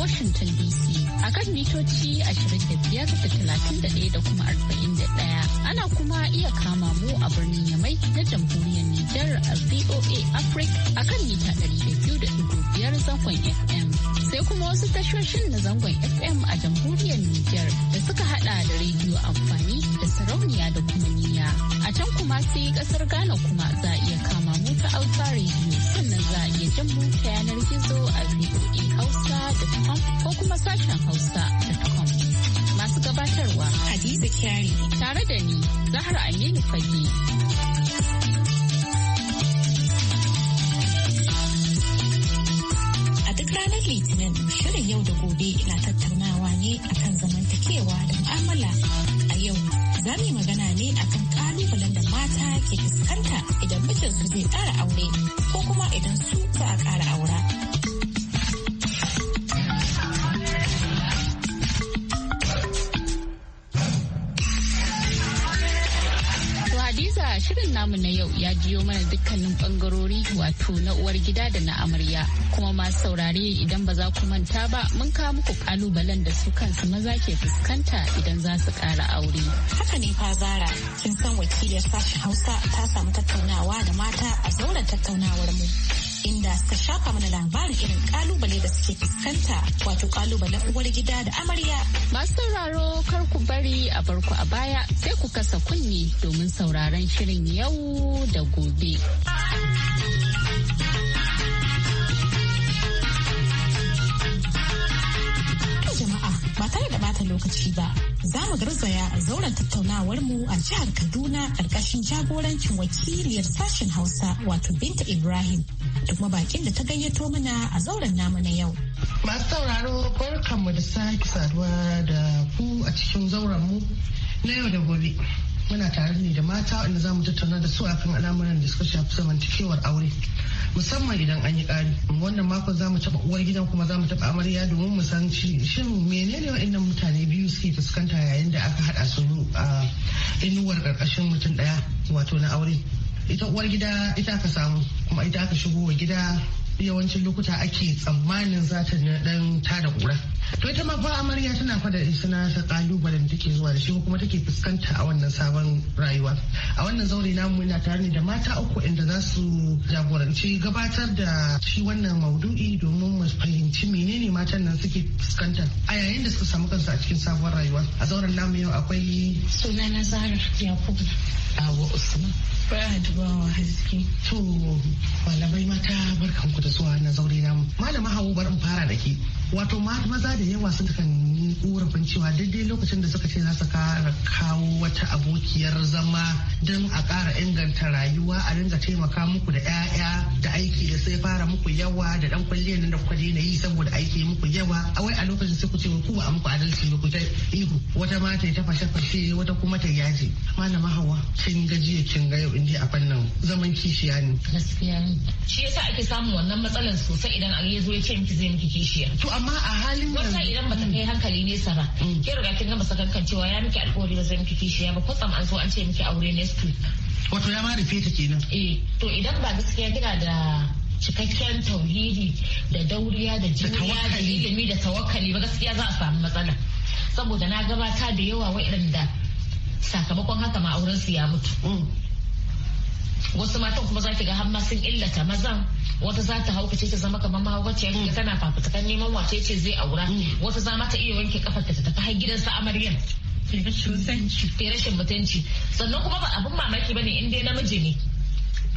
Washington DC a kan mitoci 25,31 da kuma 41. Ana kuma iya kama mu a birnin Yamai na jamhuriyar Nijar a VOA Africa a kan mita 200.5 zangon FM. sai kuma wasu tashoshin na zangon FM a jamhuriyar Nijar da suka hada da rediyo amfani da sarauniya da kuma niya. A can kuma sai kasar Ghana kuma za a iya kama mu ta Alfa rediyo sannan za a iya jan mu ta yanar gizo a VOA kuma ko kuma sashen hausa da kuma. Masu gabatarwa Hadiza Kyari tare da ni Zahra Aminu Fage. ranar Litinin shirin yau da gobe na tattaunawa ne akan zamantakewa da mu'amala a yau. Za mu yi magana ne akan kalubalen da mata ke fuskanta idan mijinsu zai ƙara aure ko kuma idan su za a ƙara aura. shirin namu na yau ya jiyo mana dukkanin bangarori wato na uwar gida da na amarya kuma masu saurare idan ba za ku manta ba mun kawo muku kalubalen da su kansu maza ke fuskanta idan za su kara aure. Haka ne fa zara kin san wakiliyar sashen Hausa ta samu tattaunawa da mata a zauren tattaunawar mu. inda suka shafa mana labarin irin kalubale da suke fuskanta wato kalubalen uwar gida da amarya. Masu sauraro kar ku bari a barku a baya sai ku kasa kunni domin sauraron shirin yau da gobe. jama'a ba tare da bata lokaci ba za mu a zauren tattaunawar mu a jihar Kaduna ƙarƙashin jagorancin wakiliyar sashen Hausa wato Binta Ibrahim da kuma bakin da ta gayyato mana a zauren namu na yau. Masu sauraro barkanmu da sake saduwa da ku a cikin zauren mu na yau da gobe. muna tare ne da mata wanda za mu tattauna da su akan al'amuran da suka shafi zamantakewar aure musamman idan an yi kari wannan makon za mu taɓa uwar gidan kuma za mu taɓa amarya domin mu san shin menene wa'annan mutane biyu suke fuskanta yayin da aka haɗa su a inuwar ƙarƙashin mutum ɗaya wato na aure ita uwar gida ita aka samu kuma ita aka shigo wa gida yawancin lokuta ake tsammanin za ta dan tada kura to ita ma amarya tana fada suna ta kalubale da take zuwa da shi kuma take fuskanta a wannan sabon rayuwa a wannan zaure namu ina tare ne da mata uku inda za su jagoranci gabatar da shi wannan maudu'i domin mu fahimci menene matan nan suke fuskanta a yayin da suka samu kansu a cikin sabon rayuwa a zauren namu yau akwai suna na zara yakubu awa usman ba da haske to malamai mata barkanku da gaisuwa na zaure namu malama hawu bari in fara da ke wato maza da yawa sun kan yi korafin cewa daidai lokacin da suka ce za su kara kawo wata abokiyar zama don a ƙara inganta rayuwa a dinga taimaka muku da 'ya'ya da aiki da sai fara muku yawa da dan kwalliya nan da kuka daina yi saboda aiki muku yawa a wai a lokacin sai ku ce ku ba a muku adalci ba ku ta ihu wata ma ta fashe fashe wata kuma ta yaje malama hawa kin ga jiya kin ga yau inda a fannin zaman kishiya ne gaskiya ne. shi yasa ake samun wannan matsalar sosai idan a yazo ya ce miki zai miki kishiya amma a halin yanzu wannan idan bata kai hankali nesa ba mm. ke riga kin gama sakankan cewa ya miki alƙawari ba zai miki kishiya ba kwatsam an zo an ce miki aure next week wato ya ma rufe ta kenan eh to idan ba gaskiya kina da cikakken tauhidi da dauriya da juriya da ilimi da tawakkali ba gaskiya za a samu matsala saboda na gabata da yawa waɗanda sakamakon haka ma auren su ya mutu mm. wasu matan kuma za ki ga hamma sun illata mazan wata za ta haukace ta zama kamar ya mm. tana fafutukan neman wace ce zai aura mm. wata za mata iya wanke kafar ta tafi har gidan su amaryan ke rashin mutunci sannan kuma ba abin mamaki ba ne in dai namiji ne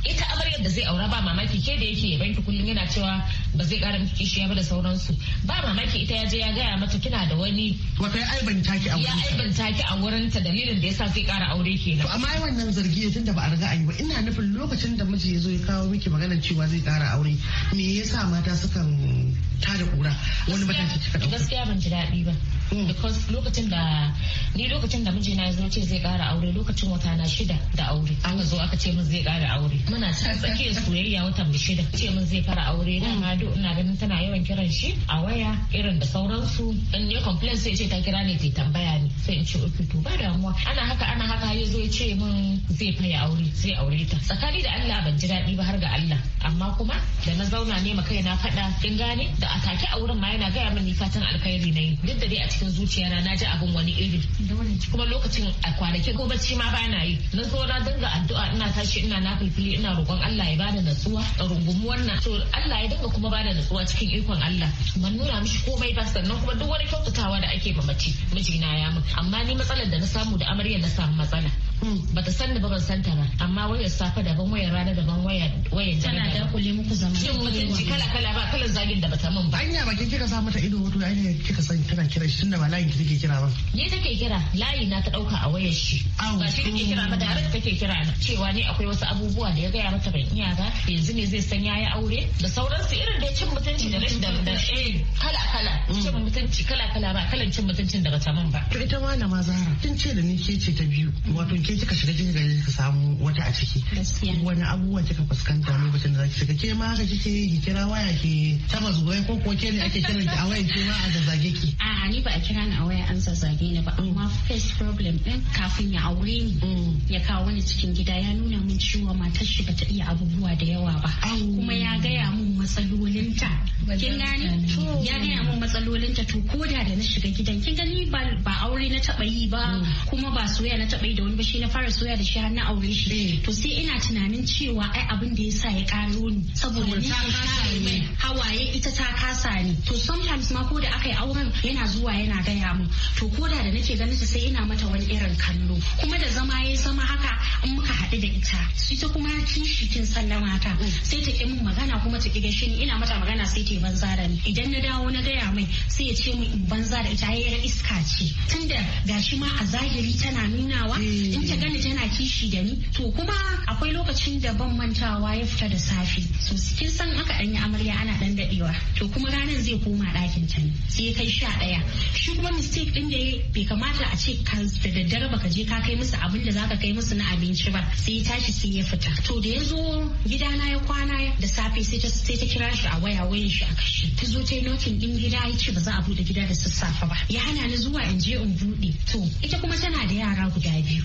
ita amaryar da zai aura ba mamaki ke da yake yabanki kullum yana cewa ba zai kara miki kishiya ba da sauransu ba mamaki ita ya je ya gaya mata kina da wani wata ya aibanta taki a wurin ya aibanta taki a wurin ta dalilin da yasa zai kara aure kenan to amma wannan zargi tun da ba a riga ayi yi ba ina nufin lokacin da miji ya zo ya kawo miki maganar cewa zai kara aure me yasa mata sukan tada kura wani bata kika gaskiya ban ji daɗi ba because lokacin da ni lokacin da mijina ya zo ce zai kara aure lokacin wata na shida da aure aka zo aka ce min zai kara aure muna can tsakiyar soyayya watan mu shida ce min zai fara aure na do ina ganin tana yawan kiran shi a waya irin da sauransu in ya complain sai ce ta kira ne ta tambaya ni sai in ce uku to ba damuwa ana haka ana haka ya zo ya ce min zai faya aure zai aure ta tsakani da Allah ban ji daɗi ba har ga Allah amma kuma da na zauna ne ma kai na faɗa kin gane da a take auren ma yana gaya min ni fatan alkhairi na yi duk da dai a cikin cikin zuciyana na ji abin wani iri kuma lokacin a kwanaki ko bacci ma na yi na zo na dinga addu'a ina tashi ina na fulfili ina roƙon Allah ya bada natsuwa a rungumu wannan to Allah ya dinga kuma bada natsuwa cikin ikon Allah ban nuna mishi komai ba sannan kuma duk wani kyautatawa da ake ma mace mijina ya min amma ni matsalar da na samu da amarya na samu matsala bata san da baban ban san ta ba amma wayar safa daban wayar rana daban wayar wayar tana da kule muku zama shin mutunci kala kala ba kalan zagin da bata min ba anya ba kika sa mata ido wato ainihin kika san tana kiran shi tunda ba layin ki take kira ba ni take kira layi na ta dauka a wayar shi ba shi take kira ba direct take kira na cewa ne akwai wasu abubuwa da ya gaya mata ban iya ba yanzu ne zai san yayi aure da sauransu irin da cin mutunci da rashin da kala kala mm. cin mutunci kala kala ba kalan cin mutuncin daga taman ba to ita malama zara Tun ce da ni ke ce ta biyu wato ke kika shiga kika gari ka samu wata a ciki wani abubuwa kika fuskanta lokacin da zaki shiga ke ma haka kike yi kira waya ke tabas zuwa ko ko ke ne ake kiran ki a wayan ke ma a da zage ki ni ba a kira ni a waya an zazzage ni ba mm. amma face problem din kafin ya aure ni mm. ya kawo ni cikin gida ya nuna min cewa matar shi bata iya abubuwa da yawa ba kuma ya gaya min matsalolinta kin gani ya gaya min matsalolinta to koda da na shiga gidan kin gani ba aure na taba yi ba mm. kuma ba soyayya na taba yi da wani ba shi na fara soyayya da shi har na aure shi eh. to sai ina tunanin cewa ai abin da yasa ya karo ni saboda ni hawaye ita ta kasa ni to sometimes ma ko da aka yi auren yana zuwa yana gaya mu to ko da da nake ganin ta sai ina mata wani irin kallo kuma da zama ya zama haka in muka haɗu da ita ta kuma kishi kin sallama ta mm. sai ta ki mun magana kuma ta ki gashi ni ina mata magana sai ta banza da ni idan na dawo na gaya mai sai ya ce min in banza da ita yayyar iska ce tunda gashi ma a zahiri tana nunawa eh. in ta gani tana kishi da ni to kuma akwai lokacin da ban mantawa ya fita da safe so kin san aka danyi amarya ana dan dadewa to kuma ranar zai koma ɗakin can sai kai sha ɗaya shi kuma mistake ɗin da ya bai kamata a ce ka da daddare baka je ka kai musu abin da za ka kai musu na abinci ba sai ya tashi sai ya fita to da ya zo gidana ya kwana da safe sai ta sai ta kira shi a waya wayan shi a kashi ta zo ta yi nokin din gida ya ce ba za a buɗe gida da sassafe ba ya hana ni zuwa in je in buɗe to ita kuma tana da yara guda biyu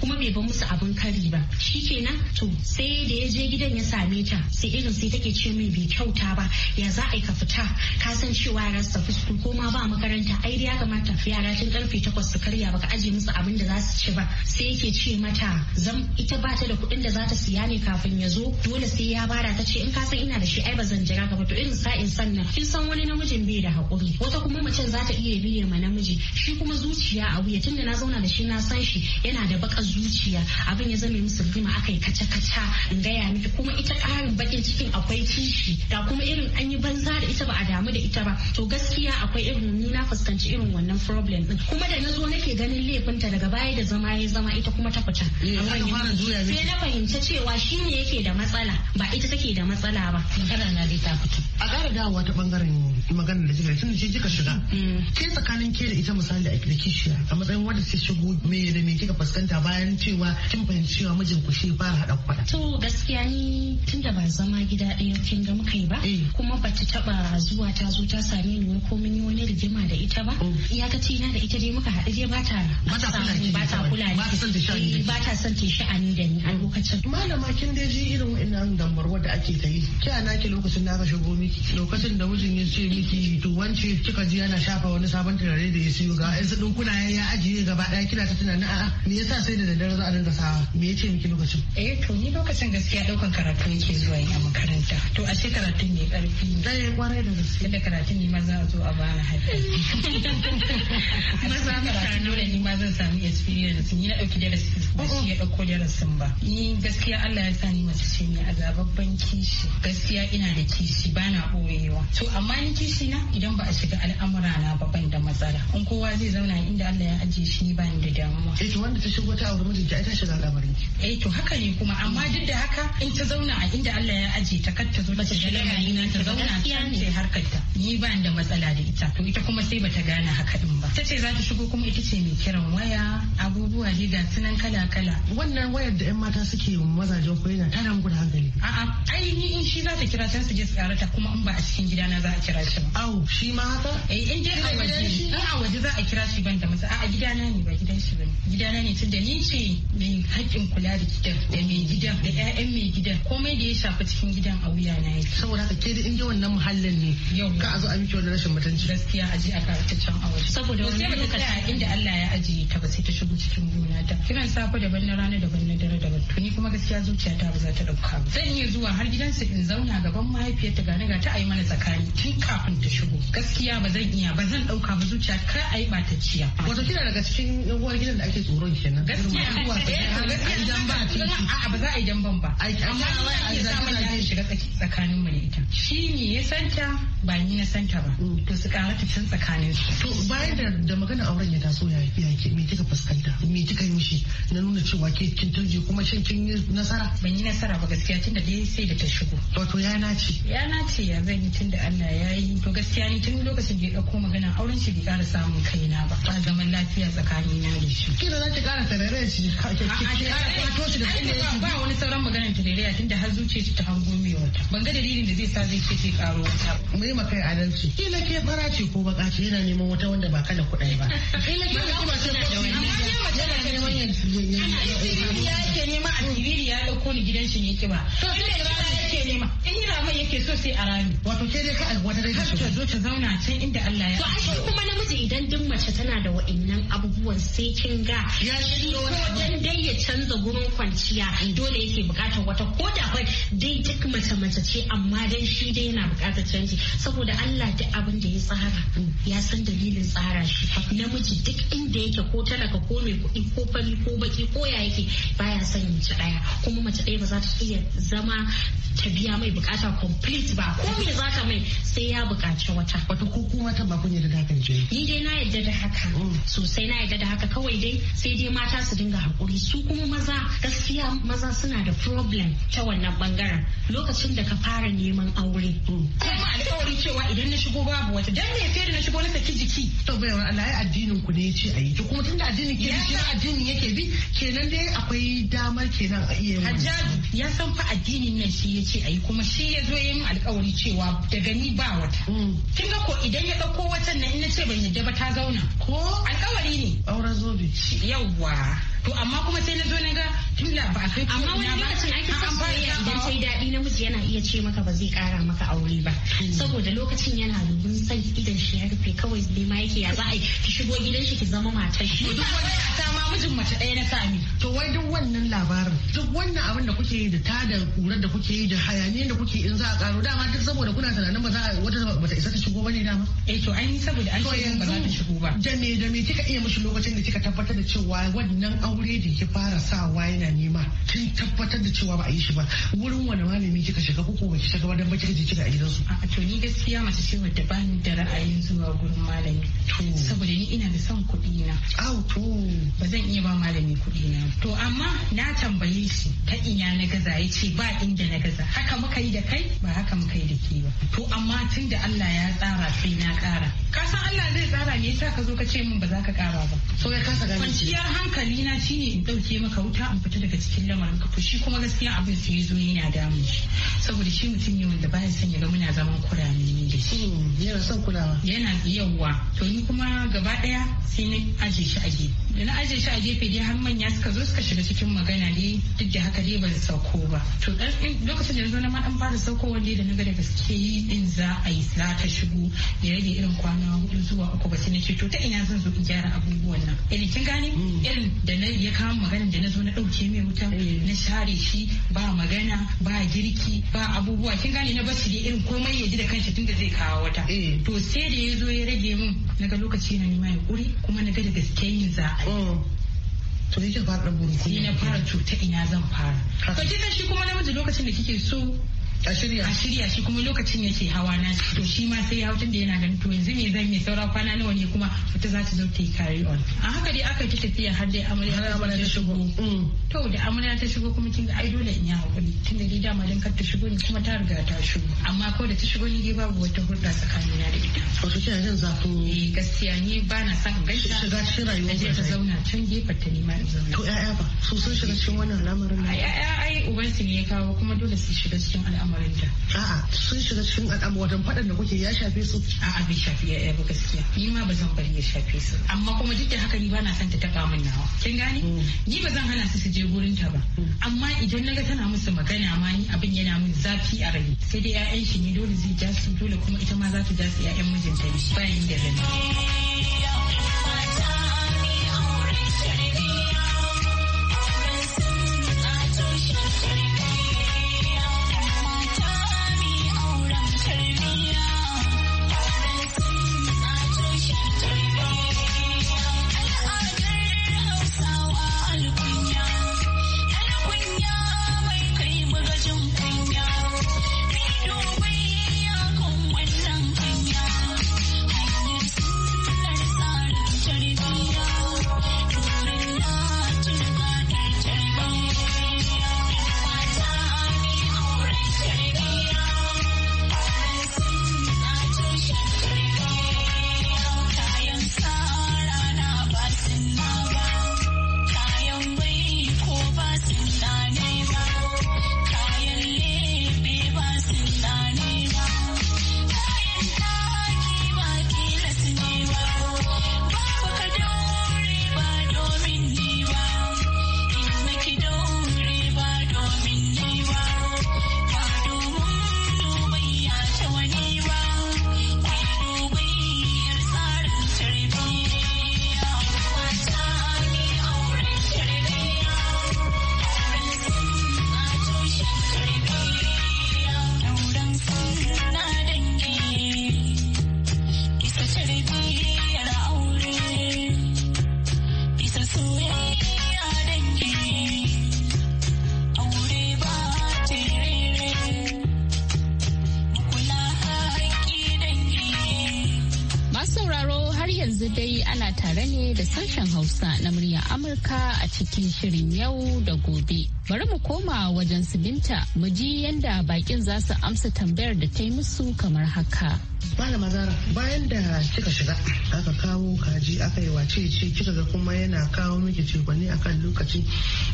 kuma bai ba musu abin kari ba shi kenan to sai da ya je gidan ya same ta sai irin sai take ce min bai kyauta ba ya za a yi ka fita ka san cewa yara su tafi su ko ba makaranta ai ya kamata yara tun karfe takwas su karya baka aje musu abin da za su ci ba sai yake ce mata zam ita ba ta da kuɗin da za ta siya ne kafin ya zo dole sai ya bara ta ce in ka san ina da shi ai ba zan jira ka ba to irin sa'in sannan kin san wani namijin bai da haƙuri wata kuma macen za ta iya biye ma namiji shi kuma zuciya a wuya tunda na zauna da shi na san shi yana da baƙar zuciya abin ya zame musu rigima akai kaca kaca in gaya miki kuma ita ƙarin sai cikin akwai kishi da kuma irin an yi banza da ita ba a damu da ita ba to gaskiya akwai irin ni na fuskanci irin wannan problem din kuma da nazo nake ganin laifinta daga baya da zama ya zama ita kuma ta fita eh, sai na fahimci cewa shi ne yake da matsala ba ita take da matsala ba magana na dai ta fito a ƙara dawowa ta bangaren magana da kika tun shi kika shiga mm. ke tsakanin ke da ita misali a kishiya a matsayin wanda sai shigo me da me kika fuskanta bayan cewa kin fahimci cewa mijin ku shi fara hada kwada to gaskiya ni da ban zama zama gida ɗaya kin ga muka yi ba eh. kuma ba ta taɓa zuwa ta zo ta same ni ko mun yi wani rigima da ita ba oh. Ya ce na da ita dai muka haɗu dai ba ta kula ni eh, ta son ta ni da ni a lokacin malama kin dai ji irin wa'annan damar da ake ta yi Kiya na ke lokacin da aka shigo miki lokacin da mijin ya ce miki to wance kika ji yana shafa wani sabon turare da ya siyo ga ɗin kuna ya ajiye gaba ɗaya kina ta tunanin a'a me yasa sai da daddare za a dinga sawa me yace miki lokacin eh to ni lokacin gaskiya ɗaukan karatu yake zuwa yi makaranta to a ta ne karfi eh, zai kwarai da gaske da karatun ne maza a zo a bana haɗa maza karatun dole ne ma zan samu experience ni na ɗauki darasi ba shi ya ɗauko darasin ba ni gaskiya Allah ya sa ni mace ce ne a gababban kishi gaskiya ina da kishi ba na ɓoyewa to amma ni kishi na idan ba a shiga al'amura na ba ban da matsala in kowa zai zauna inda Allah ya ajiye shi ni ba ni da damuwa eh to wanda ta shigo ta aure mijinki ita shiga al'amarin eh to haka ne kuma amma duk da haka in ta zauna a inda Allah ya aje ta kar ta zo ta shiga lamari na ta zauna ta ce harkar ta ni ba da matsala da ita to ita kuma sai bata gane haka din ba ta ce za ta shigo kuma ita ce mai kiran waya abubuwa dai ga sunan kala kala wannan wayar da yan mata suke yi mazajen ko yana tana muku da hankali a'a ai ni in shi za ta kira sai su je su ta kuma in ba a cikin gidana za a kira shi ba au shi ma haka eh in je a waje in a waje za a kira shi ban da matsala gidana ne ba gidan shi bane gidana ne tunda ni ce mai haƙƙin kula da gidan da mai gidan da ƴaƴan mai gidan komai da ya shafi cikin gidan a wuya na yake saboda haka ke da inda wannan muhallin ne yau ka a zo a wannan rashin mutunci gaskiya a je a waje. aure saboda wani ta inda Allah ya ajiye ta ba sai ta shigo cikin gona ta kiran safa daban na rana daban na dare daban ban tuni kuma gaskiya zuciya ta ba za ta dauka ba zan iya zuwa har gidan su in zauna gaban mahaifiyarta gani ga ta ayi mana tsakani tun kafin ta shigo gaskiya ba zan iya ba zan dauka ba zuciya kar ayi ɓatacciya wato kina yana daga cikin uwar gidan da ake tsoron kenan gaskiya idan ba ce eh, a ba za a yi jamban ba amma wai a zama ya shiga tsakanin mu ne ita shi ne ya santa ba ni na santa ba mm. to su kara ta can tsakanin su to bayan da da magana auren ya taso ya ya ke me kika fuskanta me kika yi mishi na nuna cewa ke kin turje kuma shin kin yi nasara ban yi nasara ba gaskiya tun da dai sai da ta shigo wato ya na ce. ya na ce ya zan yi da Allah ya yi to gaskiya ni tun lokacin da ya ɗauko magana auren shi bai kara samun kaina ba zaman lafiya lafiya tsakani na da shi kira za ta kara tarere shi a kwato shi da ba wani sauran maganar tarare tunda har zuciya ta hango mai wata ban ga dalilin da zai sa zai ce sai karo wata mu yi maka adalci kila ke fara ce ko baka ce yana neman wata wanda ba kana kudai ba kila ke kuma ce ko yana neman ya yake nema a tiriri ya dauko ni gidan shi ne ke ba ke nema in yi ramai yake so sai a rami wato ke dai ka wata dai ka zo ta zauna can inda Allah ya to ai kuma namiji idan duk mace tana da wa'in waɗannan abubuwan sai kin ga shi ko dan dai ya canza gurin kwanciya dole yake bukatar wata ko da kai dai duk mace mace ce amma dan shi dai yana bukatar canji saboda Allah duk abin da ya tsara ya san dalilin tsara shi namiji duk inda yake ko talaka ko mai kuɗi ko fari ko baki ko ya yake baya son ci ɗaya kuma mace ɗaya ba za ta iya zama ta biya mai bukata complete ba ko me za ta mai sai ya bukaci wata wata ko kuma ta ba kun yi rigakance ni dai na yarda da haka mm. sosai na yadda da haka kawai dai sai dai mata su dinga hakuri su kuma maza gaskiya maza suna da problem ta wannan bangaren lokacin da ka fara neman aure. Mm. Kuma alƙawari cewa idan na shigo babu wata dan ne sai da na shigo na saki jiki. To bai wa Allah ya addinin ku ne ya ce a yi kuma tunda addinin ke shi addinin yake bi kenan dai akwai damar kenan a iya. Hajjaju ya san fa addinin nan shi ya ce a yi kuma shi ya zo ya alƙawari cewa daga ni ba wata. Mm. Kin ga ko idan ya ɗauko watan nan in na ce ban yadda ba ta zauna. Ko alkawari alkawari ne auren zobe yauwa to amma kuma sai na zo na ga tunda ba kai amma wani lokacin ake son soyayya idan sai daɗi namiji yana iya ce maka ba zai ƙara maka aure ba hmm. saboda lokacin yana dubin sai idan shi ya rufe kawai ne ma yake ya za a yi ki shigo gidan shi ki zama matar shi duk wani ta ma mijin mace ɗaya na sami to wai duk wannan labarin duk wannan abin da kuke yi da ta da kurar da kuke yi da hayaniyar da kuke in za a ƙaro dama duk saboda kuna tunanin ba za a wata bata isa ta shigo ba ne dama eh to an yi saboda an ce ba za ta shigo ba da me da me kika iya mishi lokacin da kika tabbatar da cewa wannan aure da ya fara sa wa yana nema kin tabbatar da cewa ba a yi shi ba wurin wani malami kika shiga ko kuma kika shiga ba dan ba kika je a gidansu a to ni gaskiya mace ce wadda ba ni da ra'ayin zuwa gurin malami To saboda ni ina da son kuɗi na au to ba zan iya ba malami kuɗi na to amma na tambaye shi ta ina na gaza ya ce ba inda na gaza haka muka yi da kai ba haka muka yi da ke ba to amma tun da Allah ya tsara sai na ƙara ka san Allah zai tsara me sa ka zo ka ce min ba za ka ƙara ba so ya kasa gani kwanciyar hankali na shine in ɗauke maka wuta in fita daga cikin lamarin ka shi kuma gaskiya abin su ya zo yana damun shi saboda shi mutum ne wanda baya son ya ga muna zaman kurame ne da shi hmm, yana son kulawa yana yawwa to ni kuma gaba ɗaya sai na aje shi a gefe da na ajiye shi a gefe dai har manya suka zo suka shiga cikin magana dai duk da haka dai ban sauko ba to dan lokacin da zo na ma dan fara sauko wanda da na ga da gaske din za a yi za ta shigo ya rage irin kwana hudu zuwa uku ba sai na to ta ina zan zo in gyara abubuwan nan irin eh, kin gane mm. irin da na ya kawo magana da na zo na dauke mai wuta eh. na share shi ba magana ba girki ba abubuwa kin gane na bashi dai irin komai ya ji da kanshi tunda zai kawo wata eh. to sai da ya zo ya rage min na ga lokaci na nima ya kure kuma na ga da gaske yin za Mm. to yake fara dan burukuni na fara in ina zan fara to kika shi kuma namiji lokacin da kike so a shirya a shirya shi kuma lokacin yake hawa na to shi ma sai ya da yana ganin to yanzu me zan yi saura kwana nawa ne kuma wata za ta zo ta yi carry on a haka dai aka ki tafiya har dai amarya ta shigo mm. to da amarya ta shigo kuma kin ga ai dole in yi hakuri da dai dama dan kar ta shigo ne kuma ta riga ta shigo amma ko da ta shigo ni dai babu wata hulɗa na da ita wato kina jin zafin eh gaskiya ni ba na son gaisa shiga cikin ne ta zauna can gefe ta ne in zauna to ƴaƴa ba su sun shiga cikin wannan lamarin ai ai ubansu ne ya kawo kuma dole su shiga cikin al'amarin amarya a'a sun shiga cikin wajen faɗan da kuke ya shafe su a'a bai shafi ya ba gaskiya ni ma ba zan bari ya shafe su amma kuma duk da haka ni ba na son ta taɓa min nawa kin gani mm. ni ba zan hana su su je gurin ta ba mm. amma idan naga tana musu magana ma ni abin yana min zafi a rai sai dai 'ya'yan shi ne dole zai ja su dole kuma ita ma za ta ja su 'ya'yan mijinta ne bayan da zan Amurka a cikin shirin yau da gobe. bari mu koma wajen su binta mu ji yadda bakin za su amsa tambayar da ta yi musu kamar haka. Malama Zara bayan da kika shiga aka kawo kaji aka yi wace ce kika ga kuma yana kawo miki cefane akan lokaci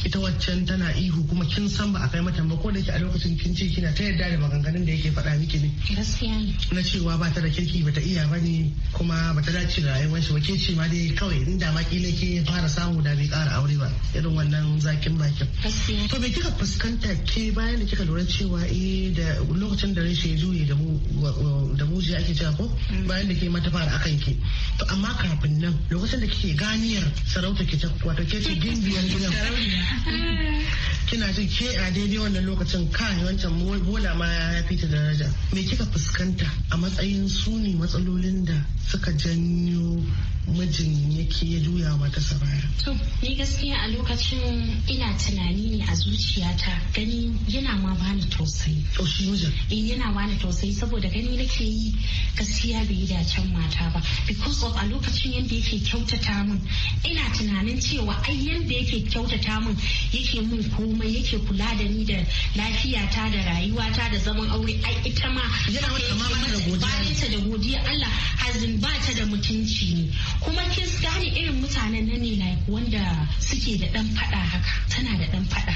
ita waccan tana ihu kuma kin san ba a kai mata ba ko da yake a lokacin kin ce kina ta yarda da maganganun da yake faɗa miki ne. Gaskiya Na cewa ba ta da kirki ba ta iya ba ne kuma ba ta dace da rayuwar shi ba ke ce ma dai kawai inda ma kila ke fara samu da bai ƙara aure ba irin wannan zakin bakin. Gaskiya To me kika fuskanta ke bayan da kika lura cewa eh da lokacin da rashin ya juye da muji ake cewa ko mm. bayan da ke mata fara akan ke. To amma kafin nan lokacin da kike ganiyar sarauta ke ta ke ce gimbiyar gidan. Kina ce ke a daidai wannan lokacin kai wancan bola ma ya fita daraja. Me kika fuskanta a matsayin su ne matsalolin da suka janyo mijin yake ya juya mata sabaya. To ni gaskiya a lokacin ina tunani ne a zuciyata gani yana ma bani tausayi. Tausayi eh, yana bani tausayi saboda gani nake yi gaskiya bai da can mata ba. Because of a lokacin yadda yake kyautata min ina tunanin cewa ai yadda yake kyautata min yake min komai yake kula da ni da lafiyata da rayuwata da zaman aure ai ita ma. Yana da godiya. Allah hazin ba ta da mutunci ne. Kuma kin gane irin mutanen nan ne wanda suke da dan fada haka tana da dan fada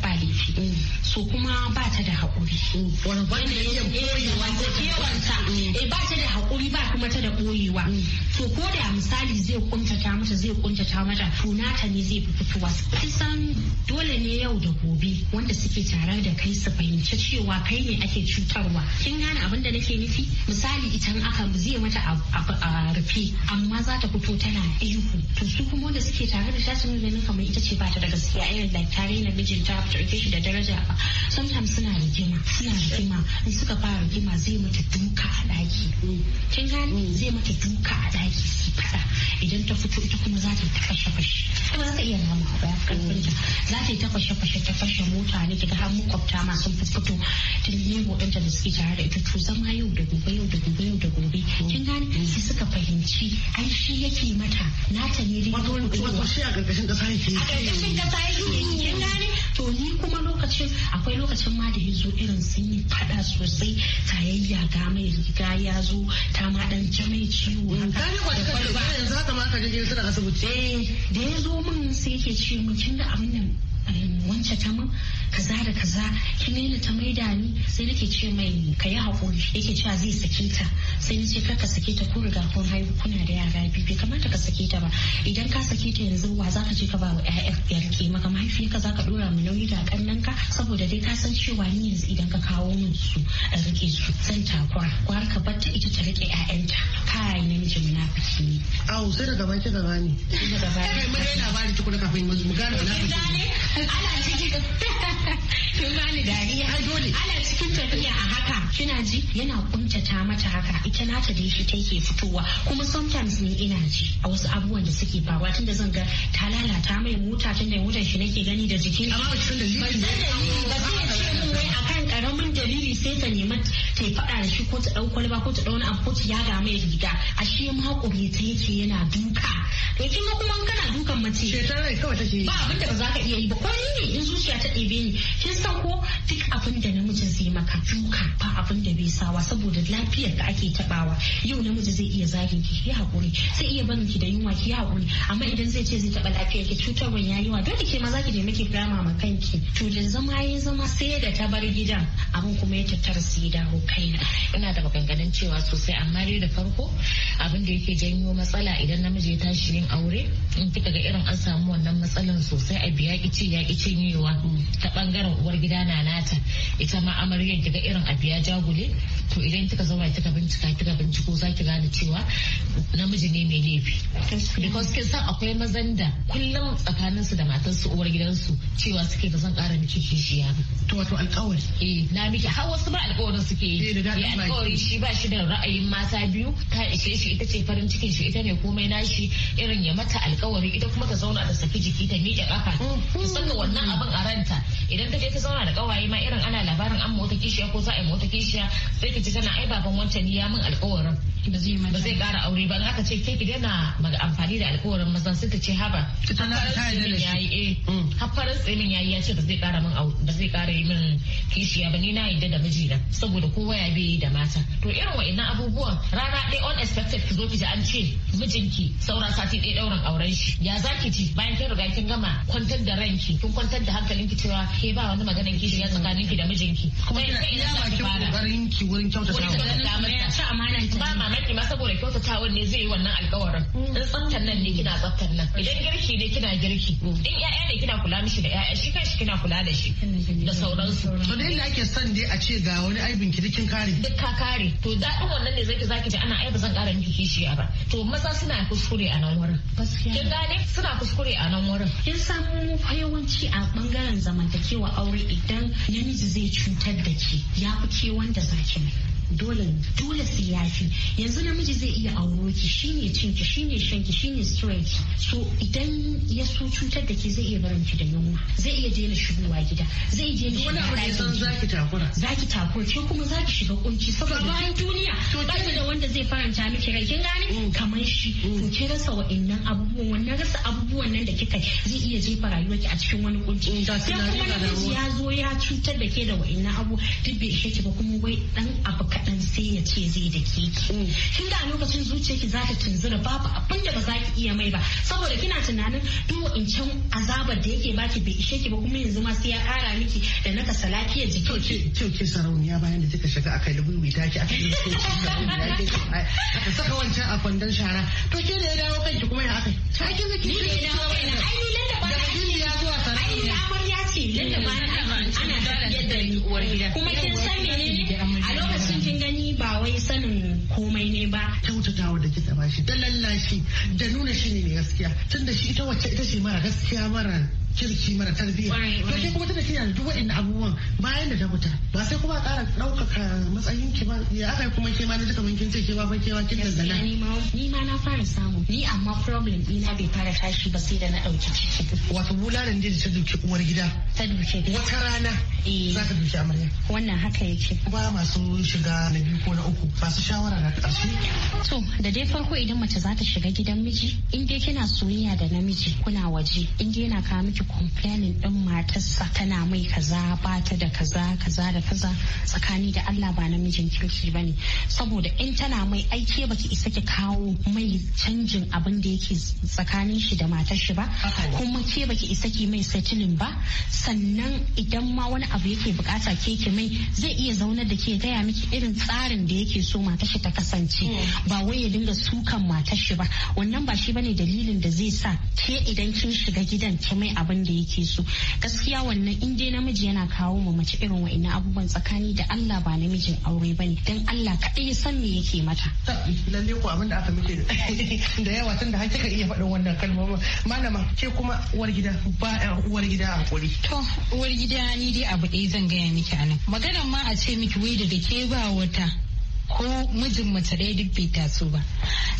ba so kuma ba ta da haƙuri wanda kewanta eh, ba ta da haƙuri ba kuma ta da koyewa to ko da misali zai kuntata mata zai kuntata mata to nata ne zai fi fitowa kusan dole ne yau da gobe wanda suke tare da kai su fahimci cewa kai ne ake cutarwa kin gane abin da nake nufi misali idan aka zai mata a rufe amma za ta fito tana ihu to su kuma wanda suke tare da shi sun ganin kamar ita ce ba ta da gaskiya irin like tare na mijinta ɗauke shi da daraja ba sometimes suna rigima suna rigima in suka fara rigima zai mata duka a ɗaki kin gani mm. zai mata duka a ɗaki su fada idan ta fito ita kuma za ta ta fashe fashe kuma za ta iya nama ba ya karfin ta za ta yi ta fashe fashe ta fashe mota ne kiga har makwabta ma sun fito ne mu ɗanta da suke tare da ita to zama yau da gobe yau da gobe yau da gobe kin gani mm. sai suka fahimci ai shi yake mata ta ne wato wato shi a ƙarƙashin ƙasa yake a ƙarƙashin ƙasa yake kin gani to ni kuma lokacin akwai lokacin ma da ya zo irin sun yi fada sosai tayayya ga mai riga ya zo ta ma dan mai ciwo haka da kwalba yanzu haka ma ka je suna asibiti eh da ya zo min sai yake ce mu kin da abin nan wance ta min kaza da kaza kin ne ta maida ni sai nake ce mai ka yi hakuri yake cewa zai sake ta sai nace kar ka sake ta ko riga kun haihu kuna da yara biyu bai kamata ka sake ta ba idan ka sake ta yanzu wa za ka je ka ba wa ƴaƴan yarke maka mahaifiyarka za ka dora mu nauyi da kannan ka saboda dai ka san cewa ni yanzu idan ka kawo min su a rike su zan takura kwar ka bar ta ita ta rike ƴaƴanta kai namiji munafiki ne Awo sai daga baki gaba ne daga baki mu dai labari tukuna kafin mu gane munafiki ana cikin kin bani dariya ai dole ana cikin tafiya a haka kina ji yana kuntata mata haka ita nata da shi take fitowa kuma sometimes ni ina ji a wasu abubuwan da suke faruwa tunda zan ga ta lalata mai mota tunda motar shi nake gani da jikin amma ba san da ba zai ce mun wai akan karamin dalili sai ta nemi ta faɗa da shi ko ta ɗau kwalba ko ta ɗau wani abu ko ta yaga mai riga ashe ma ƙure ta yake yana duka to kin ma kuma kana dukan mace shetarai kawai take ba abin da ba za ka iya yi ba ko ni ne in zuciya ta ɗebe ni kin san ko duk abin da namiji zai maka duka ba abin da bai sawa saboda lafiyar da ake taɓawa yau namiji zai iya zagin ki ki hakuri sai iya barin ki da yunwa ki hakuri amma idan zai ce zai taba lafiyar ki cutarwan yi wa dole ke ma za ki nemi ki dama ma kanki to da zama yi zama sai da ta bar gidan abin kuma ya tattara sai dawo kaina ina da maganganun cewa sosai amma dai da farko abin da yake janyo matsala idan namiji ya tashi yin aure in kika ga irin an samu wannan matsalan sosai a biya kici ya kici yiwa ta bangaren uwar gida na nata ita ma amaryar kiga irin a biya jagule to idan kika zama kika bincika kika binciko za ki gane cewa namiji ne mai laifi because kin san akwai mazan da kullum tsakanin su da matan su uwar gidansu cewa suke ba zan kara miki kishiya to wato alƙawari eh na miki har wasu ba alƙawarin suke yi ya shi ba shi da ra'ayin mata biyu ta ishe shi ita ce farin cikin shi ita ne komai nashi irin ya mata alkawari ita kuma ta zauna ta saki jiki ta miƙe kafa ta saka wannan abin a ranta idan ta je ta zauna da kawaye ma irin ana labarin an mota kishiya ko za a yi mota kishiya sai ka ji tana ai baban wancan ya min alkawarin ba zai kara aure ba aka ce ke ki amfani da alkawarin maza sai ta ce haba hafarin eh. mm. tsimin yayi ya ce ba zai kara min kishiya ba ni na yi da mijina saboda ko ko waya bai yi da mata to irin wa'annan abubuwan rana ɗaya unexpected ki zo ki ji an ce mijinki saura sati ɗaya ɗaurin auren shi ya za ki ji bayan kin riga kin gama kwantar da ranki kin kwantar da ki cewa ke ba wani maganar kishi ya tsakaninki da mijinki kuma ina ba ki kokarin ki wurin kyautata wa ya ci amanan ki ba mamaki ma saboda kyautatawa ne zai yi wannan alƙawarin in mm. tsaftar nan ne kina tsaftar nan idan girki ne kina girki mm. in ƴaƴa ne kina kula mishi da ƴaƴa shi kanshi kina kula da shi da sauransu to da inda ake son dai a ce ga wani aibin ki cikin kare duk ka kare to daɗin wannan ne zaki zaki ji ana ai ba zan kara miki kishiya ba to maza suna kuskure a nan wurin kin gane suna kuskure a nan wurin kin samu yawanci a bangaren zamantakewa aure idan namiji zai cutar da ke ya fi ke wanda zaki mai dole dole su yafi yanzu namiji zai iya auro ki shine cinki ki shine shanki ki shine straight so idan ya so cutar da ke zai iya barin ki da yunwa zai iya daina shigowa gida zai iya daina shigowa wani abu zan zaki takura zaki takura ko kuma zaki shiga kunci saboda bayan duniya to ki da wanda zai faranta miki rai kin gane mm. kamar shi mm. to ke rasa wa'annan abubuwan wannan rasa abubuwan nan da kika zai iya jefa ki a cikin wani kunci sai mm, kuma ya zo ya cutar da ke da wa'annan abu duk bai shi ki ba kuma wai dan abu ka kaɗan sai ya ce zai da ke kin mm. da lokacin zuciyarki za ta tunzura babu abin da ba za ki iya mai ba saboda kina tunanin duk in can azabar da yake baki bai ishe ki ba kuma yanzu ma sai ya ƙara miki da na kasa lafiyar jiki. To ke sarauniya bayan da kika shiga aka yi gwiwi ta ki aka yi aka saka wancan a kwandon shara to ke da ya dawo kanki kuma ya aka yi. Ta ki zaki ne ya dawo kaina ai ni lallaba da ya zuwa sarauniya. Ai ni amarya ce lallaba ana da yadda ni uwar gida. Kuma kin san menene a lokacin kin gani ba wai sanin komai ne ba kyautatawa da kika shi da lallashi da nuna shi ne mai gaskiya tunda shi ita wacce ita ce mara gaskiya mara kirki mara tarbiyya to sai kuma tana kina duk waɗannan abubuwan bayan da ta mutu ba sai kuma ƙara ɗaukaka matsayin ki ba ya aka kuma ke ma da duka mun kince ke ba fa ke ma kin dangana ni ma ni ma na fara samu ni amma problem ina bai fara tashi ba sai da na ɗauki ciki wato bulalan da ta duke uwar gida ta duke wata rana eh. za ka duke amarya wannan haka yake ba masu shiga na biyu ko na uku masu shawara na ƙarshe to da dai farko idan mace za ta shiga gidan miji in dai kina soyayya da namiji kuna waje in dai yana kawo miki ji complaining din matarsa tana mai kaza bata da kaza kaza da kaza tsakani da Allah ba namijin kirki bane saboda in tana mai aiki baki isa ki kawo mai canjin abin da yake tsakanin shi da matar shi ba kuma ke baki isa ki mai settling ba sannan idan ma wani abu yake bukata ke ki mai zai iya zaunar da ke gaya miki irin tsarin da yake so matar shi ta kasance mm. ba wai ya dinga sukan matar shi ba wannan ba shi bane dalilin da zai sa ke idan kin shiga gidan ki mai abu abin da yake so gaskiya wannan in dai namiji yana kawo ma mace irin wa'annan abubuwan tsakani da Allah ba namijin aure bane dan Allah kaɗai ya san me yake mata lalle ko abin da aka muke da yawa tunda har kika iya faɗin wannan kalmomin malama ke kuma uwar gida ba uwar gida hakuri to uwar gida ni dai abu ɗaya zan gaya miki anan maganar ma a ce miki wai da ke ba wata ko mijin mace ɗaya duk bai taso ba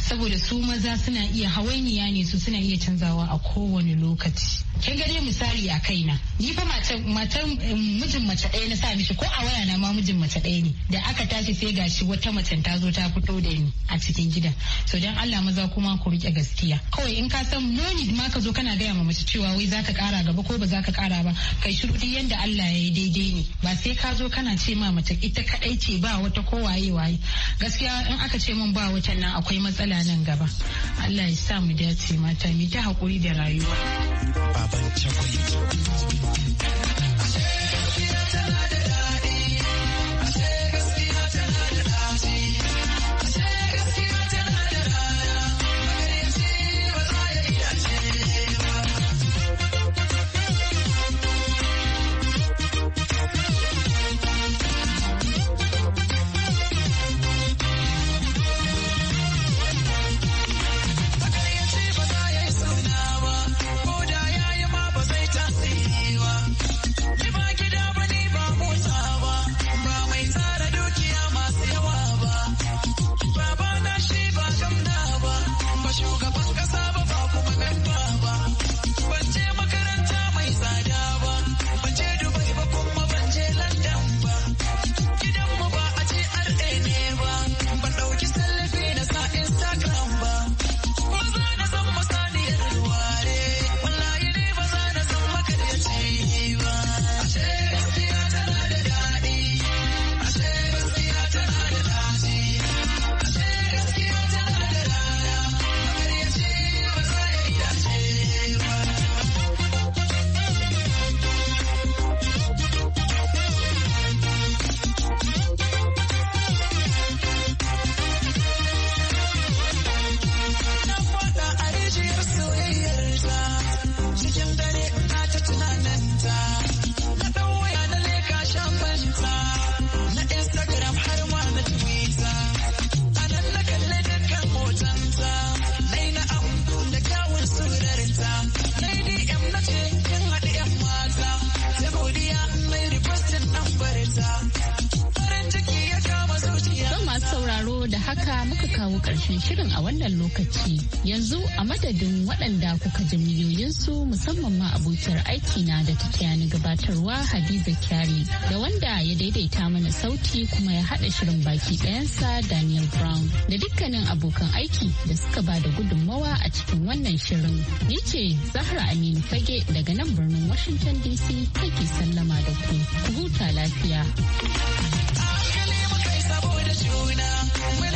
saboda su maza suna iya hawainiya ne su suna iya canzawa a kowane lokaci kin gare misali a kaina ni fa matar mijin mace ɗaya na sa mishi ko a waya na ma mijin mace ɗaya ne da aka tashi sai gashi wata mace ta zo ta fito da ni a cikin gida. to dan Allah maza kuma ku rike gaskiya kawai in ka san noni ma ka zo kana gaya ma mace cewa wai zaka kara gaba ko ba zaka kara ba kai shiru duk yanda Allah ya yi daidai ne ba sai ka zo kana ce ma mace ita kadai ce ba wata ko waye waye gaskiya in aka ce mun ba wutan nan akwai matsala nan gaba Allah ya sa mu dace mata mu ta hakuri da rayuwa baban chakuri kawo ƙarshen shirin a wannan lokaci. Yanzu a madadin waɗanda kuka ji miliyoyinsu musamman ma abokiyar na da ta ni gabatarwa Hadiza Kyari da wanda ya daidaita mana sauti kuma ya haɗa shirin baki ɗayansa Daniel Brown da dukkanin abokan aiki da suka ba da gudunmawa a cikin wannan shirin. Ni ce Zahra Aminu Fage daga nan birnin Washington DC take sallama da ku. Ku huta lafiya. juna,